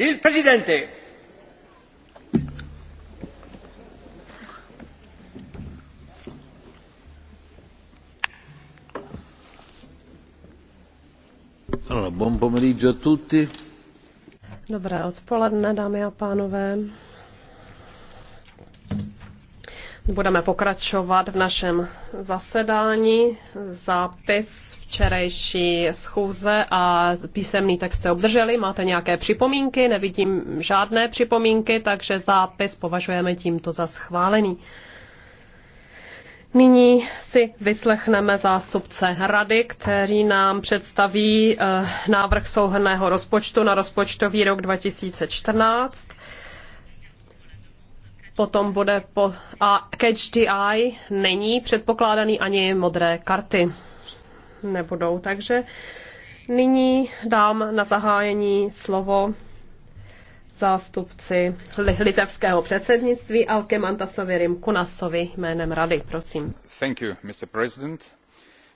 Il Presidente. Allora, buon pomeriggio a tutti. Dobré odpoledne, dámy a pánové. Budeme pokračovat v našem zasedání. Zápis včerejší schůze a písemný text jste obdrželi. Máte nějaké připomínky? Nevidím žádné připomínky, takže zápis považujeme tímto za schválený. Nyní si vyslechneme zástupce rady, který nám představí eh, návrh souhrného rozpočtu na rozpočtový rok 2014 potom bude po... A catch the eye není předpokládaný ani modré karty nebudou. Takže nyní dám na zahájení slovo zástupci litevského předsednictví Alke Mantasovi Rimkunasovi jménem Rady. Prosím. Thank you, Mr. President.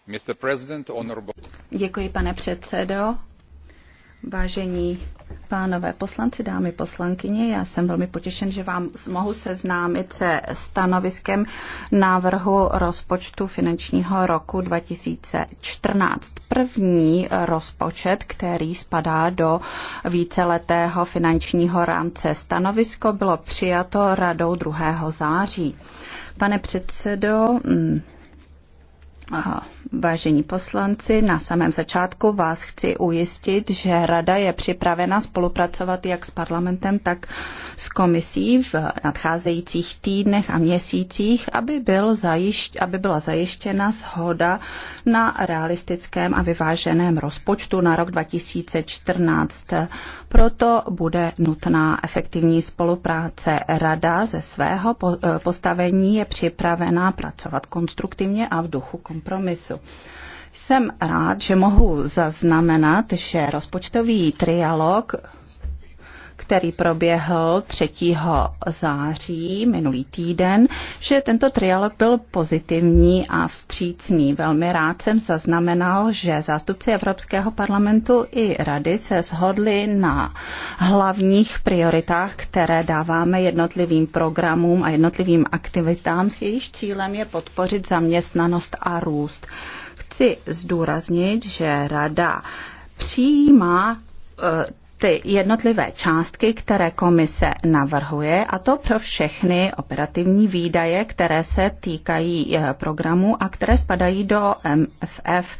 Mr. President, honorable... Děkuji, pane předsedo. Vážení pánové poslanci, dámy poslankyně, já jsem velmi potěšen, že vám mohu seznámit se stanoviskem návrhu rozpočtu finančního roku 2014. První rozpočet, který spadá do víceletého finančního rámce stanovisko, bylo přijato radou 2. září. Pane předsedo, mm, Aha. Vážení poslanci, na samém začátku vás chci ujistit, že Rada je připravena spolupracovat jak s parlamentem, tak s komisí v nadcházejících týdnech a měsících, aby, byl zajišť, aby byla zajištěna shoda na realistickém a vyváženém rozpočtu na rok 2014. Proto bude nutná efektivní spolupráce. Rada ze svého postavení je připravena pracovat konstruktivně a v duchu kompromisu. Jsem rád, že mohu zaznamenat, že rozpočtový trialog který proběhl 3. září minulý týden, že tento trialog byl pozitivní a vstřícný. Velmi rád jsem zaznamenal, že zástupci Evropského parlamentu i rady se shodli na hlavních prioritách, které dáváme jednotlivým programům a jednotlivým aktivitám, s jejich cílem je podpořit zaměstnanost a růst. Chci zdůraznit, že rada přijímá eh, ty jednotlivé částky, které komise navrhuje, a to pro všechny operativní výdaje, které se týkají eh, programu a které spadají do MFF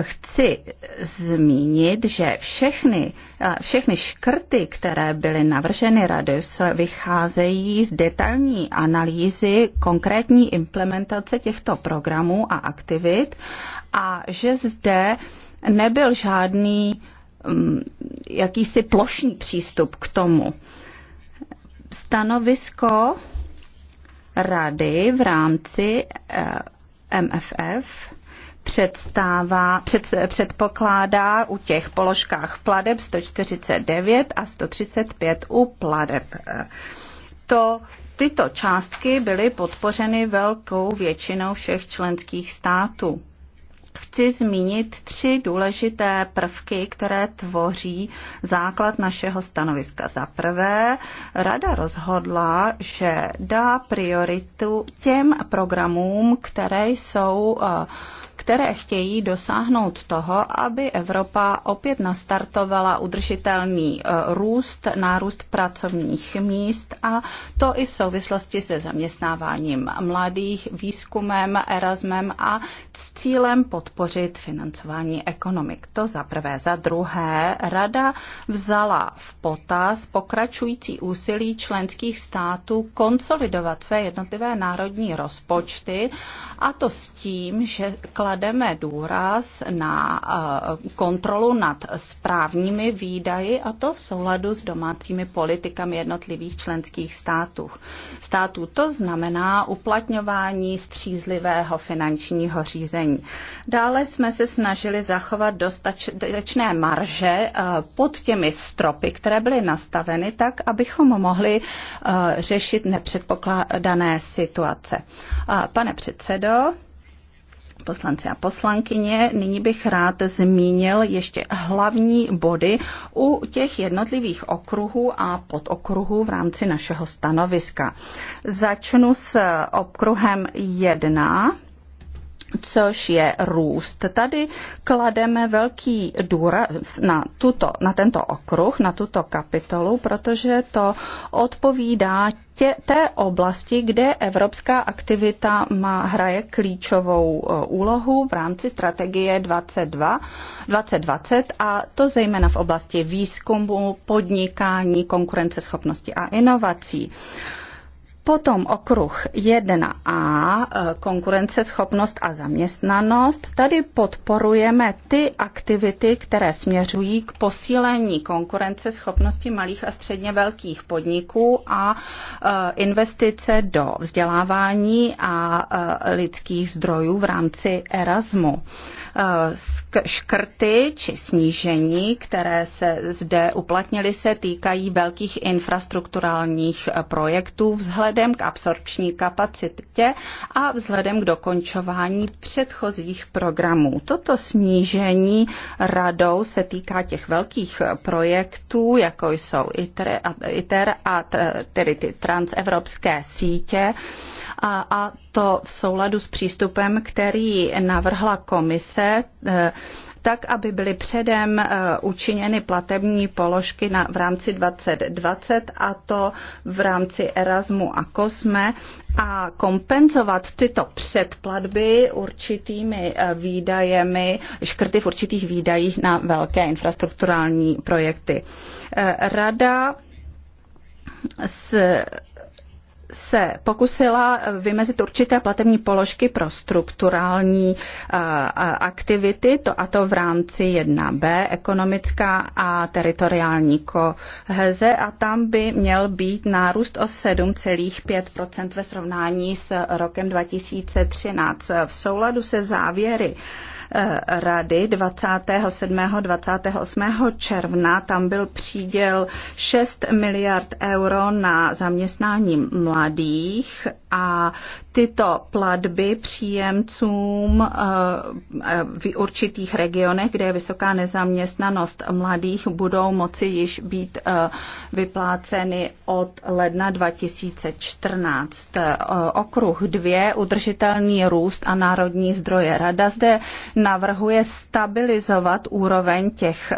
chci zmínit, že všechny, eh, všechny škrty, které byly navrženy rady, vycházejí z detailní analýzy konkrétní implementace těchto programů a aktivit a že zde nebyl žádný Um, jakýsi plošný přístup k tomu. Stanovisko rady v rámci eh, MFF představá, před, předpokládá u těch položkách pladeb 149 a 135 u pladeb. Eh, to, tyto částky byly podpořeny velkou většinou všech členských států chci zmínit tři důležité prvky, které tvoří základ našeho stanoviska. Za prvé, Rada rozhodla, že dá prioritu těm programům, které jsou uh, které chtějí dosáhnout toho, aby Evropa opět nastartovala udržitelný e, růst, nárůst pracovních míst a to i v souvislosti se zaměstnáváním mladých, výzkumem, Erasmem a s cílem podpořit financování ekonomik. To za prvé. Za druhé, Rada vzala v potaz pokračující úsilí členských států konsolidovat své jednotlivé národní rozpočty a to s tím, že klad klademe důraz na eh, kontrolu nad správními výdaji a to v souladu s domácími politikami jednotlivých členských států. států. To znamená uplatňování střízlivého finančního řízení. Dále jsme se snažili zachovat dostatečné marže eh, pod těmi stropy, které byly nastaveny tak, abychom mohli eh, řešit nepředpokládané situace. Pane předsedo, poslanci a poslankyně. Nyní bych rád zmínil ještě hlavní body u těch jednotlivých okruhů a podokruhů v rámci našeho stanoviska. Začnu s okruhem 1 což je růst. Tady klademe velký důraz na, tuto, na tento okruh, na tuto kapitolu, protože to odpovídá tě, té oblasti, kde evropská aktivita má, hraje klíčovou e, úlohu v rámci strategie 22, 2020 a to zejména v oblasti výzkumu, podnikání, konkurenceschopnosti a inovací. Uh, Potom okruh 1a, e, konkurenceschopnost a zaměstnanost. Tady podporujeme ty aktivity, které směřují k posílení konkurenceschopnosti malých a středně velkých podniků a e, investice do vzdělávání a e, lidských zdrojů v rámci Erasmu. Eh, škrty či snížení, které se zde uplatnily, se týkají velkých infrastrukturálních eh, projektů vzhledem k absorpční kapacitě a vzhledem k dokončování předchozích programů. Toto snížení radou se týká těch velkých eh, projektů, jako jsou ITER a, tedy ty transevropské sítě, a, a to v souladu s přístupem, který navrhla komise eh, tak, aby byly předem eh, učiněny platební položky na, v rámci 2020 a to v rámci Erasmu a Kosme a kompenzovat tyto předplatby určitými eh, výdajemi, škrty v určitých výdajích na velké infrastrukturální projekty. Rada s se pokusila vymezit určité platební položky pro strukturální eh, aktivity, to a to v rámci 1b, ekonomická a teritoriální koheze a tam by měl být nárůst o 7,5% ve srovnání s rokem 2013 v souladu se závěry Eh, rady 27. 28. června. Tam byl příděl 6 miliard euro na zaměstnání mladých a tyto platby příjemcům eh, eh, v určitých regionech, kde je vysoká nezaměstnanost mladých, budou moci již být eh, vypláceny od ledna 2014. Okruh 2, udržitelný růst a národní zdroje. Rada zde navrhuje stabilizovat úroveň těch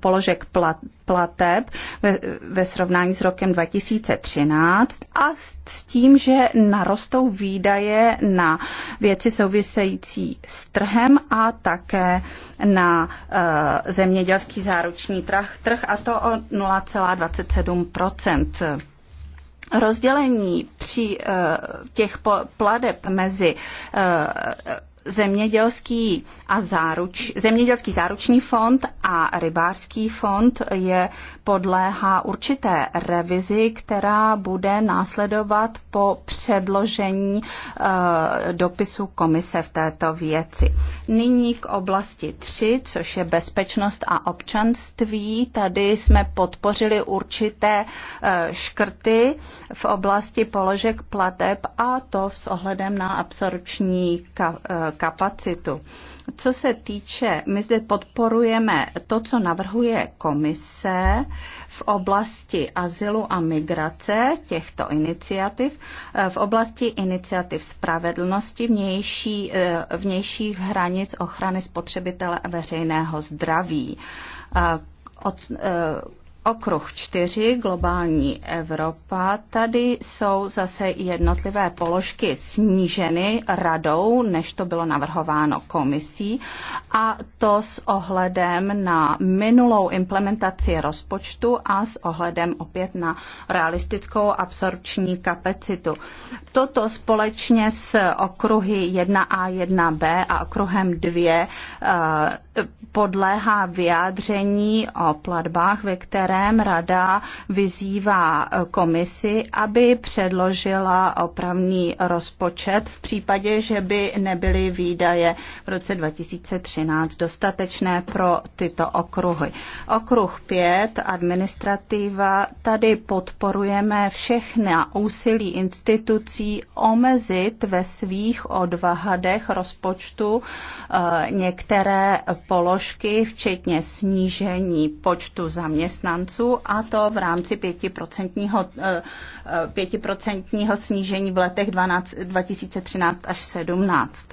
položek plat plateb ve, ve srovnání s rokem 2013 a s tím, že narostou výdaje na věci související s trhem a také na e, zemědělský záruční trh, trh a to o 0,27 rozdělení při eh, těch pladeb mezi eh, zemědělský, a záruč, zemědělský záruční fond a rybářský fond je podléhá určité revizi, která bude následovat po předložení e, dopisu komise v této věci. Nyní k oblasti 3, což je bezpečnost a občanství. Tady jsme podpořili určité e, škrty v oblasti položek plateb a to s ohledem na absorpční eh, kapacitu. Co se týče, my zde podporujeme to, co navrhuje komise v oblasti azylu a migrace těchto iniciativ, v oblasti iniciativ spravedlnosti, vnější, eh, vnějších hranic ochrany spotřebitele a veřejného zdraví. Eh, od, eh, Okruh čtyři globální Evropa, tady jsou zase jednotlivé položky sníženy radou, než to bylo navrhováno komisí, a to s ohledem na minulou implementaci rozpočtu a s ohledem opět na realistickou absorpční kapacitu. Toto společně s okruhy 1a, 1b a okruhem 2 eh, podléhá vyjádření o platbách, ve které kterém rada vyzývá eh, komisi, aby předložila opravný rozpočet v případě, že by nebyly výdaje v roce 2013 dostatečné pro tyto okruhy. Okruh 5, administrativa, tady podporujeme všechny úsilí institucí omezit ve svých odvahadech rozpočtu eh, některé položky, včetně snížení počtu zaměstnanců zaměstnanců a to v rámci 5%, 5% eh, eh, snížení v letech 12, 2013 až 17.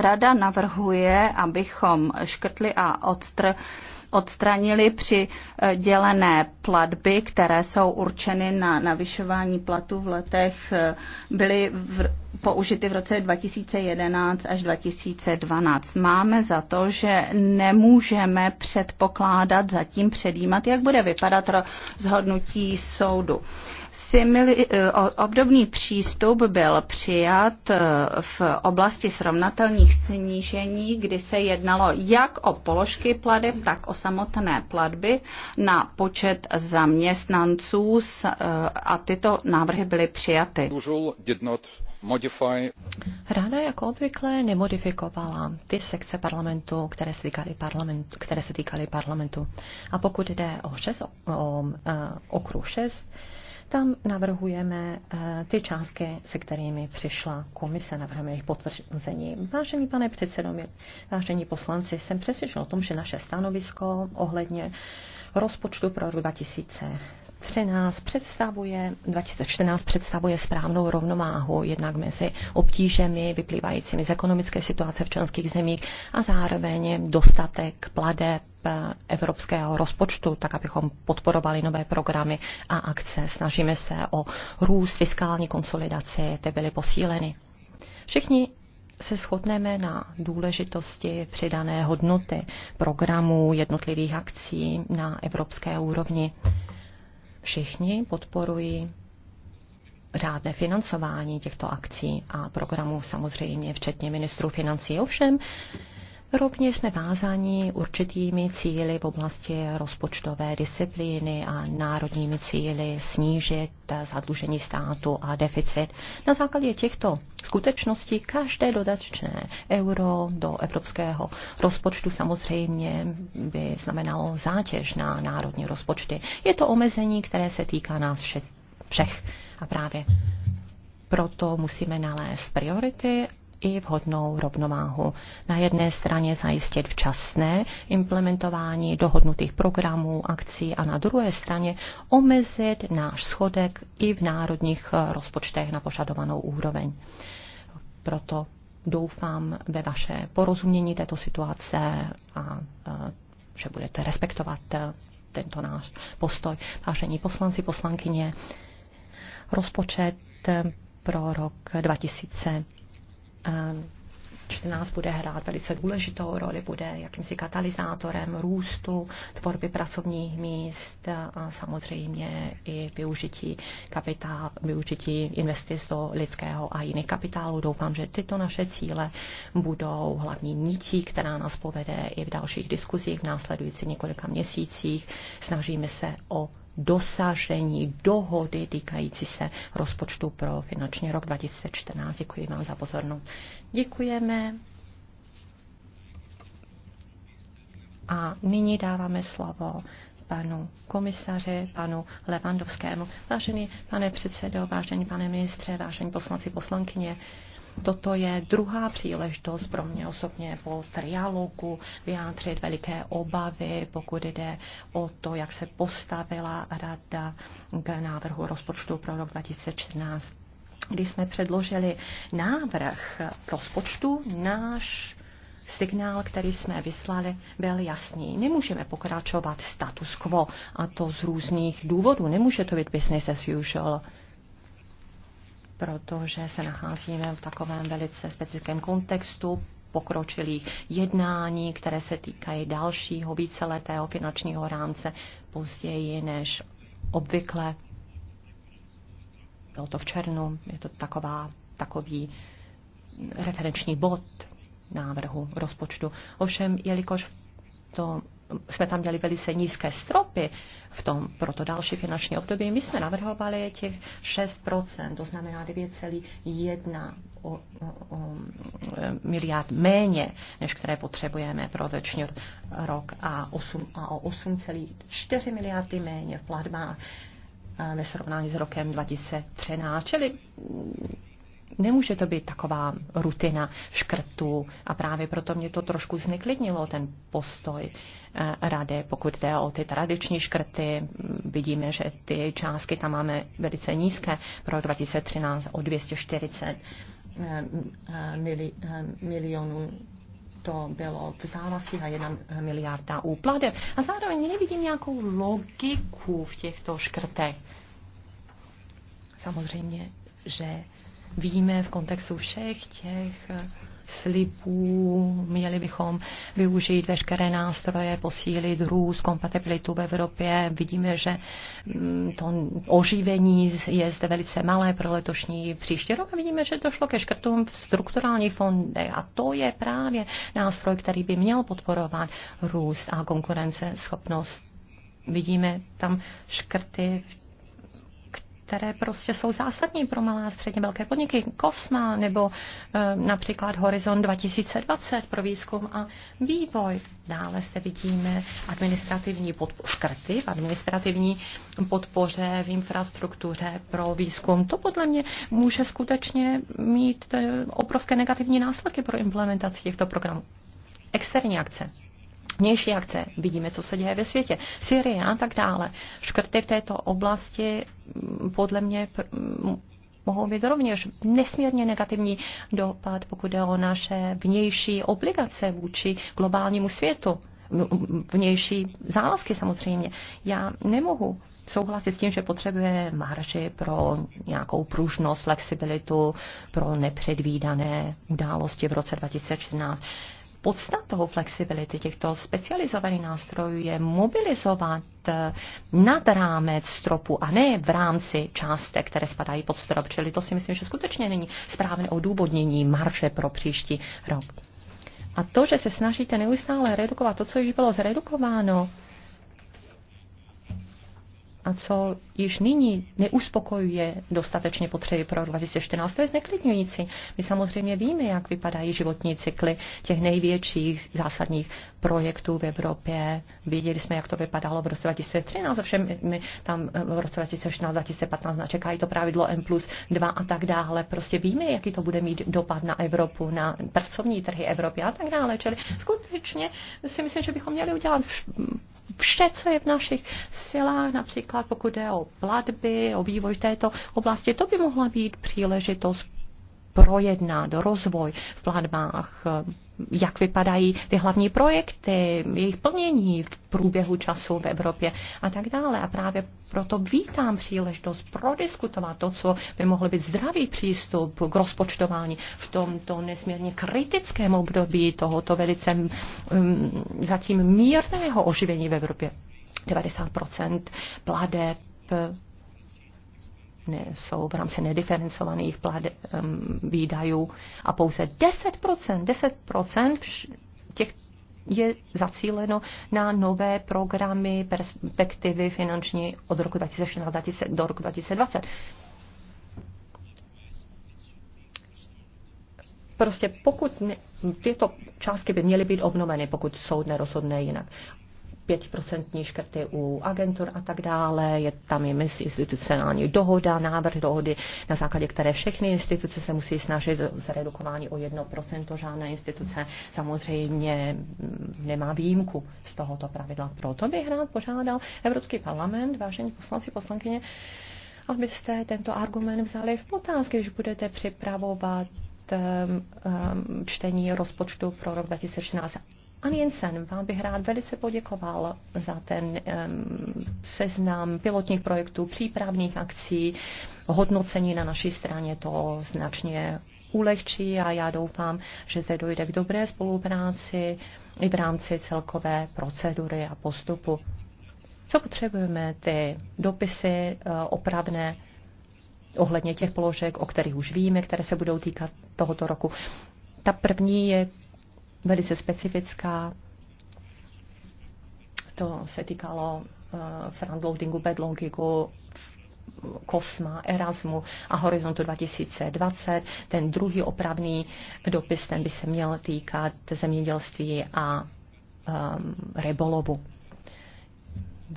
Rada navrhuje, abychom škrtli a odstr odstranili při eh, dělené platby, které jsou určeny na navyšování platů v letech, eh, byly v, použity v roce 2011 až 2012. Máme za to, že nemůžeme předpokládat, zatím předjímat, jak bude vypadat rozhodnutí soudu. Simili- eh, obdobný přístup byl přijat v oblasti srovnatelných snížení, kdy se jednalo jak o položky pladeb, tak o samotné platby na počet zaměstnanců eh, a tyto návrhy byly přijaty. Ráda jako obvykle nemodifikovala ty sekce parlamentu, které se týkaly parlamentu. Které se týkaly parlamentu. A pokud jde o, šest, o, o eh, okruh 6, tam navrhujeme eh, ty částky, se kterými přišla komise, navrhujeme jejich potvrzení. Vážení pane předsedo, vážení poslanci, jsem přesvědčen o tom, že naše stanovisko ohledně rozpočtu pro rok 2000 2013 představuje, 2014 představuje správnou rovnováhu jednak mezi obtížemi vyplývajícími z ekonomické situace v členských zemích a zároveň dostatek pladeb eh, evropského rozpočtu, tak abychom podporovali nové programy a akce. Snažíme se o růst, fiskální konsolidaci, ty byly posíleny. Všichni se shodneme na důležitosti přidané hodnoty programů jednotlivých akcí na evropské úrovni všichni podporují řádné financování těchto akcí a programů, samozřejmě včetně ministrů financí. Ovšem, Rovněž jsme vázáni určitými cíly v oblasti rozpočtové disciplíny a národními cíly snížit zadlužení státu a deficit. Na základě těchto skutečností každé dodatečné euro do evropského rozpočtu samozřejmě by znamenalo zátěž na národní rozpočty. Je to omezení, které se týká nás všech. A právě proto musíme nalézt priority i vhodnou rovnováhu. Na jedné straně zajistit včasné implementování dohodnutých programů, akcí a na druhé straně omezit náš schodek i v národních eh, rozpočtech na požadovanou úroveň. Proto doufám ve vaše porozumění této situace a eh, že budete respektovat eh, tento náš postoj. Vážení poslanci, poslankyně, rozpočet pro rok 2000 14 bude hrát velice důležitou roli, bude jakýmsi katalyzátorem růstu, tvorby pracovních míst a samozřejmě i využití, kapitál, využití investic do lidského a jiných kapitálu. Doufám, že tyto naše cíle budou hlavní nití, která nás povede i v dalších diskuzích v následujících několika měsících. Snažíme se o dosažení dohody týkající se rozpočtu pro finanční rok 2014. Děkuji vám za pozornost. Děkujeme. A nyní dáváme slovo panu komisaři, panu Levandovskému. Vážený pane předsedo, vážený pane ministře, vážení poslanci, poslankyně, Toto je druhá příležitost pro mě osobně po trialogu vyjádřit veliké obavy, pokud jde o to, jak se postavila rada k návrhu rozpočtu pro rok 2014 Když jsme předložili návrh rozpočtu, náš signál, který jsme vyslali, byl jasný. Nemůžeme pokračovat status quo a to z různých důvodů. Nemůže to být business as usual protože se nacházíme v takovém velice specifickém kontextu pokročilých jednání, které se týkají dalšího víceletého finančního rámce později než obvykle. Bylo to v černu, je to taková, takový referenční bod návrhu rozpočtu. Ovšem, jelikož to jsme tam měli velice nízké stropy v tom, proto další finanční období, my jsme navrhovali těch 6%, to znamená 9,1 miliard méně, než které potřebujeme pro roční rok a, 8, a o 8,4 miliardy méně v platbách ve srovnání s rokem 2013. Čili Nemůže to být taková rutina škrtů a právě proto mě to trošku zneklidnilo, ten postoj eh, rady, pokud jde o ty tradiční škrty. Vidíme, že ty částky tam máme velice nízké pro 2013 o 240 eh, eh, mili, milionů to bylo v závazcích a jedna miliarda úplade. A zároveň nevidím nějakou logiku v těchto škrtech. Samozřejmě, že víme v kontextu všech těch eh, slipů, měli bychom využít veškeré nástroje, posílit růst, kompatibilitu v Evropě. Vidíme, že mm, to oživení je zde velice malé pro letošní příští rok a vidíme, že došlo ke škrtům v strukturálních fondech a to je právě nástroj, který by měl podporovat růst a konkurenceschopnost. Vidíme tam škrty v které prostě jsou zásadní pro malá a středně velké podniky, Kosma nebo eh, například Horizon 2020 pro výzkum a vývoj. Dále zde vidíme administrativní podpo- škrty v administrativní podpoře v infrastruktuře pro výzkum. To podle mě může skutečně mít eh, obrovské negativní následky pro implementaci těchto programů. Externí akce vnější akce, vidíme, co se děje ve světě, Syrie a tak dále. Škrty v této oblasti mm, podle mě mm, mohou být rovněž nesmírně negativní dopad, pokud jde o naše vnější obligace vůči globálnímu světu. Vnější závazky samozřejmě. Já nemohu souhlasit s tím, že potřebuje marži pro nějakou pružnost, flexibilitu, pro nepředvídané události v roce 2014 podstatou flexibility těchto specializovaných nástrojů je mobilizovat eh, nad rámec stropu a ne v rámci částek, které spadají pod strop. Čili to si myslím, že skutečně není správné odůvodnění marže pro příští rok. A to, že se snažíte neustále redukovat to, co již bylo zredukováno, a co již nyní neuspokojuje dostatečně potřeby pro 2014. To je zneklidňující. My samozřejmě víme, jak vypadají životní cykly těch největších zásadních projektů v Evropě. Viděli jsme, jak to vypadalo v roce 2013, ovšem my tam eh, v roce 2014, 2015 načekají to pravidlo M plus 2 a tak dále. Prostě víme, jaký to bude mít dopad na Evropu, na pracovní trhy Evropy a tak dále. Čili skutečně si myslím, že bychom měli udělat vše, co je v našich silách, například například pokud jde o platby, o vývoj v této oblasti, to by mohla být příležitost projednat rozvoj v platbách, jak vypadají ty hlavní projekty, jejich plnění v průběhu času v Evropě a tak dále. A právě proto vítám příležitost prodiskutovat to, co by mohl být zdravý přístup k rozpočtování v tomto nesmírně kritickém období tohoto velice um, zatím mírného oživení v Evropě. 90 pladeb ne, jsou v rámci nediferencovaných plade, um, výdajů a pouze 10 10 těch je zacíleno na nové programy perspektivy finanční od roku 2016 do roku 2020. Prostě pokud ne, tyto částky by měly být obnoveny, pokud soud nerozhodne jinak pětiprocentní škrty u agentur a tak dále. Je tam i institucionální dohoda, návrh dohody, na základě které všechny instituce se musí snažit zredukování o 1%. Žádná instituce samozřejmě nemá výjimku z tohoto pravidla. Proto bych rád požádal Evropský parlament, vážení poslanci, poslankyně, abyste tento argument vzali v potaz, když budete připravovat ehm, ehm, čtení rozpočtu pro rok 2016. An Jensen, vám bych rád velice poděkoval za ten um, seznam pilotních projektů, přípravných akcí, hodnocení na naší straně to značně ulehčí a já doufám, že zde dojde k dobré spolupráci i v rámci celkové procedury a postupu. Co potřebujeme, ty dopisy eh, opravné ohledně těch položek, o kterých už víme, které se budou týkat tohoto roku. Ta první je velice specifická. To se týkalo uh, eh, frontloadingu, bedloadingu, Kosma, Erasmu a Horizontu 2020. Ten druhý opravný dopis, ten by se měl týkat zemědělství a um, rybolovu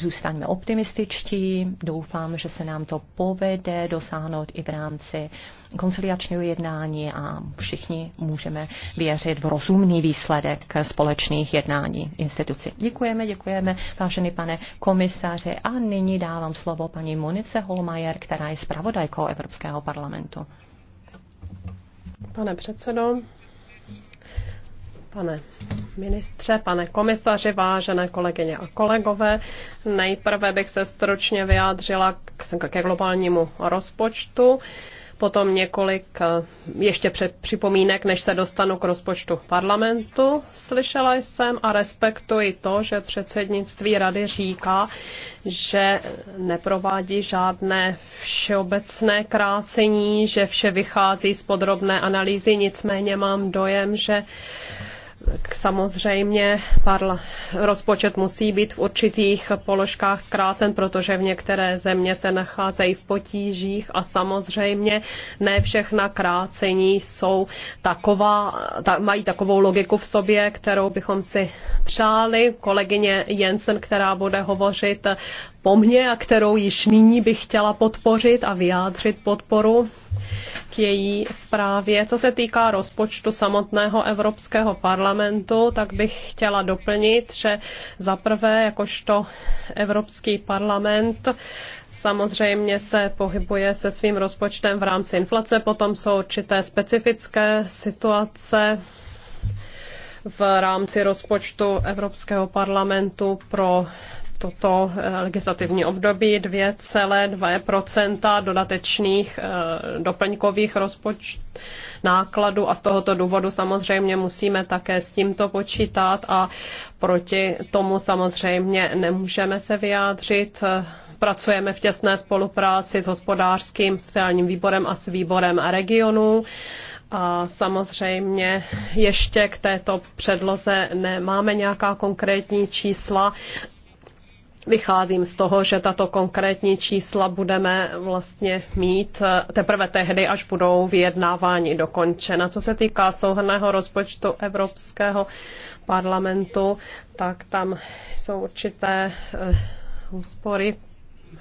zůstaňme optimističtí, doufám, že se nám to povede dosáhnout i v rámci konciliačního jednání a všichni můžeme věřit v rozumný výsledek společných jednání instituci. Děkujeme, děkujeme, vážený pane komisaři. A nyní dávám slovo paní Monice Holmajer, která je zpravodajkou Evropského parlamentu. Pane předsedo, Pane ministře, pane komisaři, vážené kolegyně a kolegové, nejprve bych se stručně vyjádřila ke globálnímu rozpočtu potom několik eh, ještě připomínek, než se dostanu k rozpočtu parlamentu. Slyšela jsem a respektuji to, že předsednictví rady říká, že neprovádí žádné všeobecné krácení, že vše vychází z podrobné analýzy, nicméně mám dojem, že Samozřejmě parla, rozpočet musí být v určitých položkách zkrácen, protože v některé země se nacházejí v potížích a samozřejmě ne všechna krácení jsou taková, ta, mají takovou logiku v sobě, kterou bychom si přáli. Kolegyně Jensen, která bude hovořit po mně a kterou již nyní bych chtěla podpořit a vyjádřit podporu k její zprávě. Co se týká rozpočtu samotného Evropského parlamentu, tak bych chtěla doplnit, že zaprvé, jakožto Evropský parlament, samozřejmě se pohybuje se svým rozpočtem v rámci inflace, potom jsou určité specifické situace, v rámci rozpočtu Evropského parlamentu pro toto eh, legislativní období 2,2 dodatečných eh, doplňkových rozpočtů nákladů a z tohoto důvodu samozřejmě musíme také s tímto počítat a proti tomu samozřejmě nemůžeme se vyjádřit. Pracujeme v těsné spolupráci s hospodářským sociálním výborem a s výborem a regionu. A samozřejmě ještě k této předloze nemáme nějaká konkrétní čísla, Vycházím z toho, že tato konkrétní čísla budeme vlastně mít eh, teprve tehdy, až budou vyjednávání dokončena. Co se týká souhrného rozpočtu Evropského parlamentu, tak tam jsou určité eh, úspory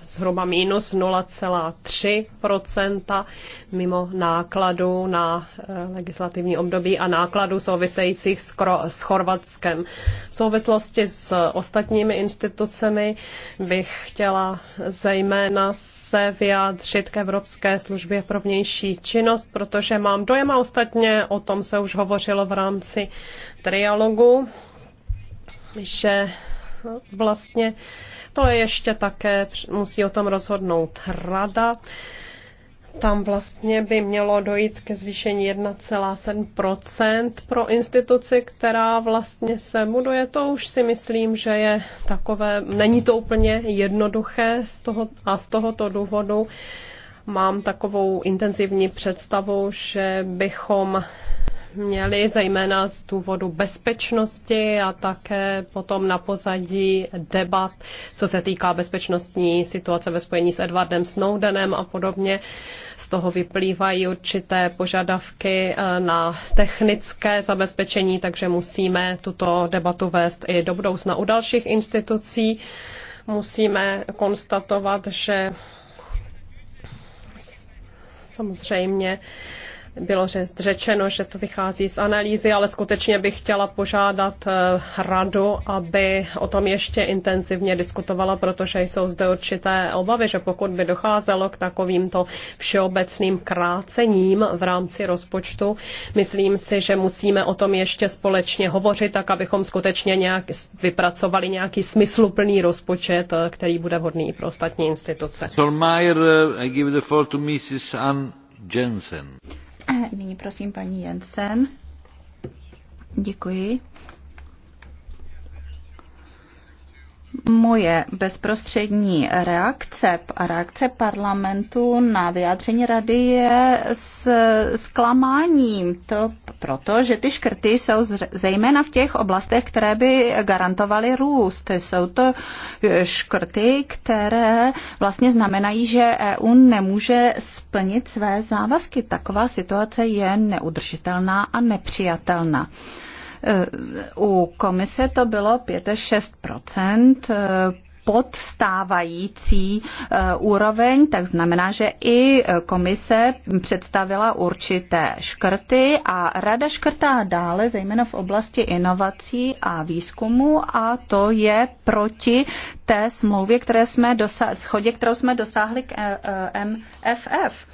zhruba minus 0,3 mimo nákladu na eh, legislativní období a nákladu souvisejících s, s Chorvatskem. V souvislosti s ostatními institucemi bych chtěla zejména se vyjádřit k Evropské službě pro vnější činnost, protože mám dojem a ostatně o tom se už hovořilo v rámci trialogu, že vlastně to je ještě také, musí o tom rozhodnout rada. Tam vlastně by mělo dojít ke zvýšení 1,7% pro instituci, která vlastně se muduje. To už si myslím, že je takové, není to úplně jednoduché z toho, a z tohoto důvodu mám takovou intenzivní představu, že bychom měli zejména z důvodu bezpečnosti a také potom na pozadí debat, co se týká bezpečnostní situace ve spojení s Edwardem Snowdenem a podobně. Z toho vyplývají určité požadavky eh, na technické zabezpečení, takže musíme tuto debatu vést i do budoucna u dalších institucí. Musíme konstatovat, že samozřejmě bylo řečeno, že to vychází z analýzy, ale skutečně bych chtěla požádat eh, radu, aby o tom ještě intenzivně diskutovala, protože jsou zde určité obavy, že pokud by docházelo k takovýmto všeobecným krácením v rámci rozpočtu, myslím si, že musíme o tom ještě společně hovořit, tak abychom skutečně nějak vypracovali nějaký smysluplný rozpočet, eh, který bude vhodný pro ostatní instituce. Solmeier, eh, I give the floor to Mrs. Ann Jensen. Nyní prosím paní Jensen. Děkuji. moje bezprostřední reakce a reakce parlamentu na vyjádření rady je s zklamáním. To proto, že ty škrty jsou zejména v těch oblastech, které by garantovaly růst. Jsou to e, škrty, které vlastně znamenají, že EU nemůže splnit své závazky. Taková situace je neudržitelná a nepřijatelná. Eh, u komise to bylo 5-6 eh, podstávající stávající eh, úroveň, tak znamená, že i komise představila určité škrty a rada škrtá dále, zejména v oblasti inovací a výzkumu a to je proti té smlouvě, které jsme dosa- schodě, kterou jsme dosáhli k MFF.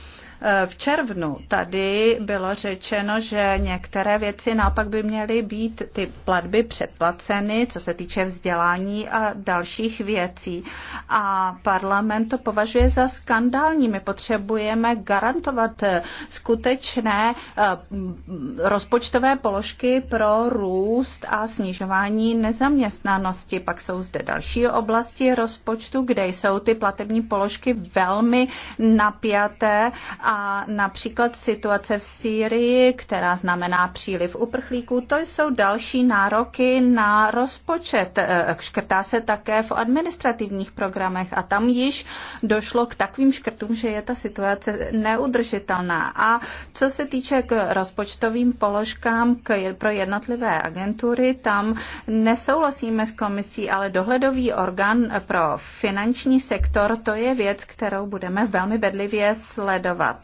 V červnu tady bylo řečeno, že některé věci naopak by měly být ty platby předplaceny, co se týče vzdělání a dalších věcí. A parlament to považuje za skandální. My potřebujeme garantovat skutečné eh, rozpočtové položky pro růst a snižování nezaměstnanosti. Pak jsou zde další oblasti rozpočtu, kde jsou ty platební položky velmi napjaté a a například situace v Sýrii, která znamená příliv uprchlíků, to jsou další nároky na rozpočet. E, škrtá se také v administrativních programech a tam již došlo k takovým škrtům, že je ta situace neudržitelná. A co se týče k rozpočtovým položkám k, pro jednotlivé agentury, tam nesouhlasíme s komisí, ale dohledový orgán pro finanční sektor, to je věc, kterou budeme velmi bedlivě sledovat.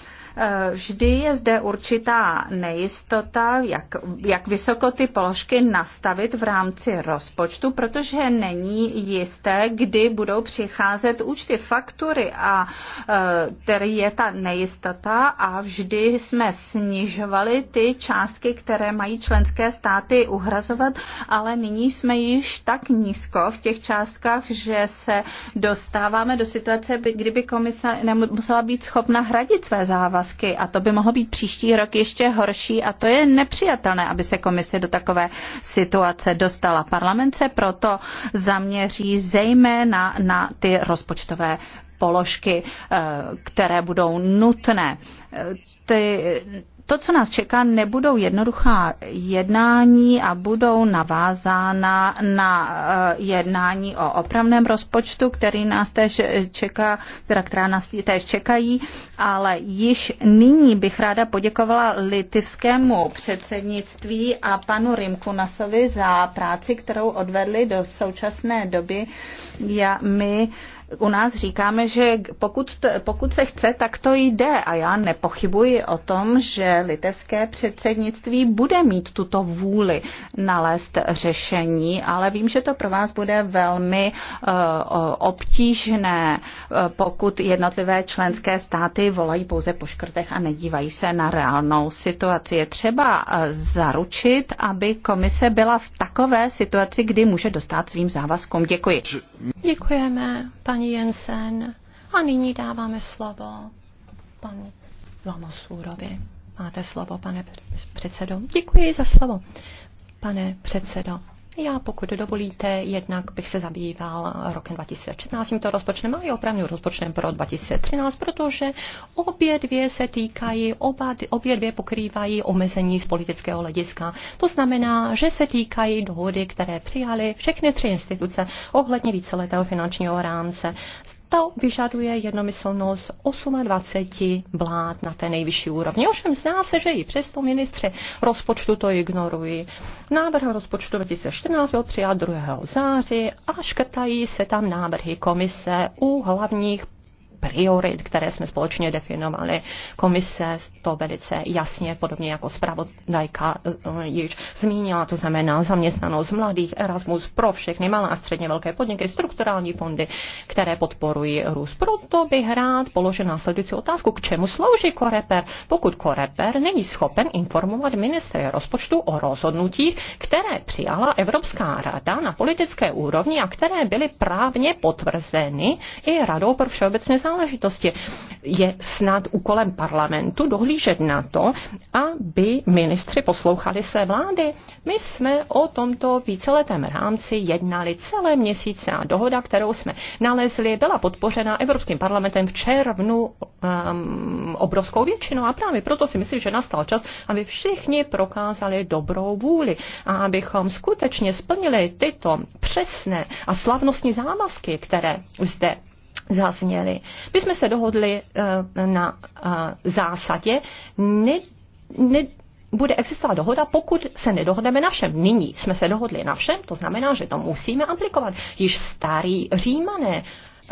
Eh, vždy je zde určitá nejistota, jak, jak vysoko ty položky nastavit v rámci rozpočtu, protože není jisté, kdy budou přicházet účty faktury, a eh, tedy je ta nejistota a vždy jsme snižovali ty částky, které mají členské státy uhrazovat, ale nyní jsme již tak nízko v těch částkách, že se dostáváme do situace, kdyby komise nemusela být schopna hradit své závazky závazky a to by mohlo být příští rok ještě horší a to je nepřijatelné, aby se komise do takové situace dostala. Parlament se proto zaměří zejména na ty rozpočtové položky, eh, které budou nutné. Eh, ty to, co nás čeká, nebudou jednoduchá jednání a budou navázána na eh, jednání o opravném rozpočtu, který nás tež čeká, teda která nás též čekají, ale již nyní bych ráda poděkovala litivskému předsednictví a panu Nasovi za práci, kterou odvedli do současné doby. Já, my u nás říkáme, že pokud, pokud se chce, tak to jde. A já nepochybuji o tom, že litevské předsednictví bude mít tuto vůli nalézt řešení, ale vím, že to pro vás bude velmi uh, obtížné, eh, pokud jednotlivé členské státy volají pouze po škrtech a nedívají se na reálnou situaci. Je třeba eh, zaručit, aby komise byla v takové situaci, kdy může dostat svým závazkům. Děkuji. Děkujeme, paní paní Jensen. A nyní dáváme slovo panu Lamasurovi. Máte slovo, pane předsedo. Děkuji za slovo, pane předsedo. Já, pokud dovolíte, jednak bych se zabýval rokem 2014 tímto rozpočtem a i opravdu rozpočtem pro 2013, protože obě dvě se týkají, oba, obě dvě pokrývají omezení z politického hlediska. To znamená, že se týkají dohody, které přijaly všechny tři instituce ohledně víceletého finančního rámce to vyžaduje jednomyslnost 28 vlád na té nejvyšší úrovni. Ovšem zdá se, že i přesto ministře rozpočtu to ignorují. Návrh rozpočtu 2014 byl přijat 2. září a škrtají se tam návrhy komise u hlavních priorit, které jsme společně definovali. Komise to velice jasně, podobně jako zpravodajka eh, eh, již zmínila, to znamená zaměstnanost mladých, Erasmus pro všechny malé a středně velké podniky, strukturální fondy, které podporují růst. Proto bych rád položil následující otázku, k čemu slouží koreper, pokud koreper není schopen informovat ministry rozpočtu o rozhodnutích, které přijala Evropská rada na politické úrovni a které byly právně potvrzeny i Radou pro všeobecné záležitosti záležitosti. Je snad úkolem parlamentu dohlížet na to, aby ministři poslouchali své vlády. My jsme o tomto víceletém rámci jednali celé měsíce a dohoda, kterou jsme nalezli, byla podpořena Evropským parlamentem v červnu um, obrovskou většinou a právě proto si myslím, že nastal čas, aby všichni prokázali dobrou vůli a abychom skutečně splnili tyto přesné a slavnostní závazky, které zde zazněly. My jsme se dohodli eh, na eh, zásadě, ne, ne, bude existovat dohoda, pokud se nedohodneme na všem. Nyní jsme se dohodli na všem, to znamená, že to musíme aplikovat. Již starý římané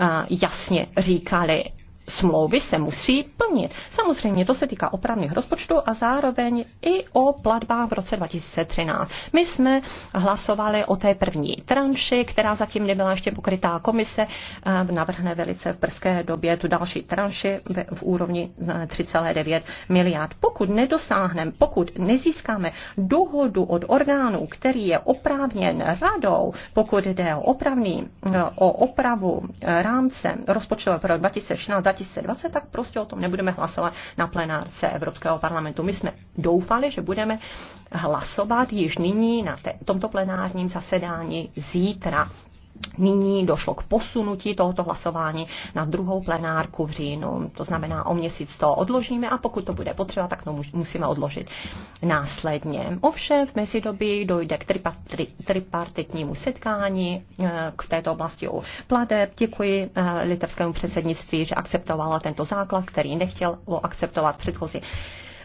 eh, jasně říkali, smlouvy se musí plnit. Samozřejmě to se týká opravných rozpočtů a zároveň i o platbách v roce 2013. My jsme hlasovali o té první tranši, která zatím nebyla ještě pokrytá komise, eh, navrhne velice v brzké době tu další tranši v úrovni 3,9 eh, miliard. Pokud nedosáhneme, pokud nezískáme dohodu od orgánu, který je oprávněn radou, pokud jde o opravný, eh, o opravu rámce rozpočtové pro 2016 2020, tak prostě o tom nebudeme hlasovat na plenárce Evropského parlamentu. My jsme doufali, že budeme hlasovat již nyní na tomto plenárním zasedání zítra. Nyní došlo k posunutí tohoto hlasování na druhou plenárku v říjnu. To znamená, o měsíc to odložíme a pokud to bude potřeba, tak to musíme odložit následně. Ovšem v mezidobí dojde k tripartitnímu setkání eh, k této oblasti u pladeb. Děkuji eh, litevskému předsednictví, že akceptovalo tento základ, který nechtěl akceptovat předchozí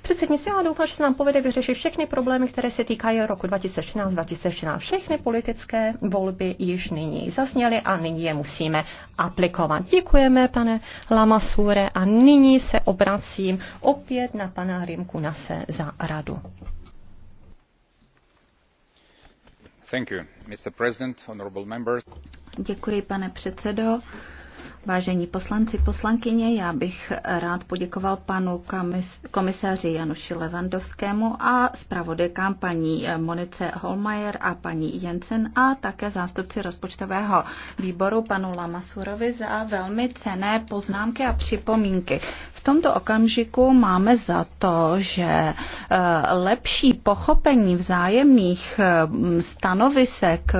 Předsednice, Já doufám, že se nám povede vyřešit všechny problémy, které se týkají roku 2016 2016 Všechny politické volby již nyní zasněly a nyní je musíme aplikovat. Děkujeme, pane Lamasure, a nyní se obracím opět na pana Rimku Nase za radu. Thank you, Mr. President, honorable members. Děkuji, pane předsedo. Vážení poslanci, poslankyně, já bych rád poděkoval panu komisaři Januši Levandovskému a zpravodajkám paní Monice Holmajer a paní Jensen a také zástupci rozpočtového výboru panu Lamasurovi za velmi cené poznámky a připomínky. V tomto okamžiku máme za to, že eh, lepší pochopení vzájemných eh, stanovisek eh,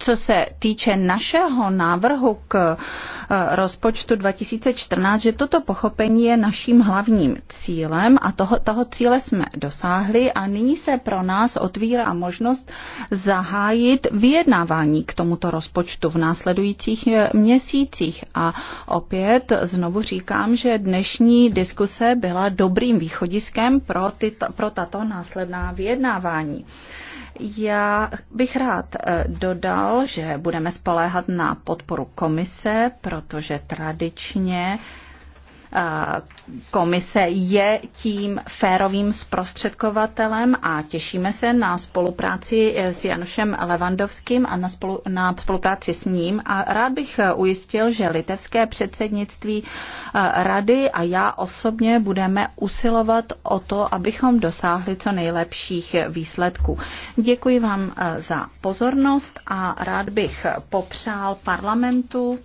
co se týče našeho návrhu k eh, rozpočtu 2014, že toto pochopení je naším hlavním cílem a toho, toho cíle jsme dosáhli a nyní se pro nás otvírá možnost zahájit vyjednávání k tomuto rozpočtu v následujících eh, měsících. A opět znovu říkám, že dnešní diskuse byla dobrým východiskem pro, ty, pro tato následná vyjednávání. Já bych rád eh, dodal, že budeme spoléhat na podporu komise, protože tradičně komise je tím férovým zprostředkovatelem a těšíme se na spolupráci s Janušem Levandovským a na, spolu, na spolupráci s ním. A rád bych ujistil, že litevské předsednictví e, rady a já osobně budeme usilovat o to, abychom dosáhli co nejlepších výsledků. Děkuji vám e, za pozornost a rád bych popřál parlamentu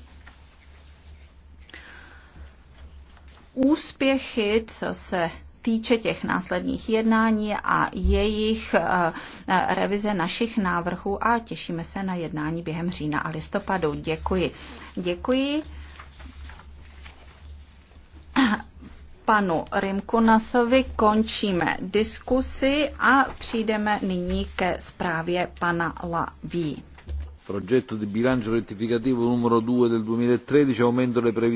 úspěchy, co se týče těch následních jednání a jejich eh, eh, revize našich návrhů a těšíme se na jednání během října a listopadu. Děkuji. Děkuji panu Rimkunasovi končíme diskusi a přijdeme nyní ke zprávě pana Laví. Progetto di bilancio rettificativo numero 2 del 2013 aumento le previsioni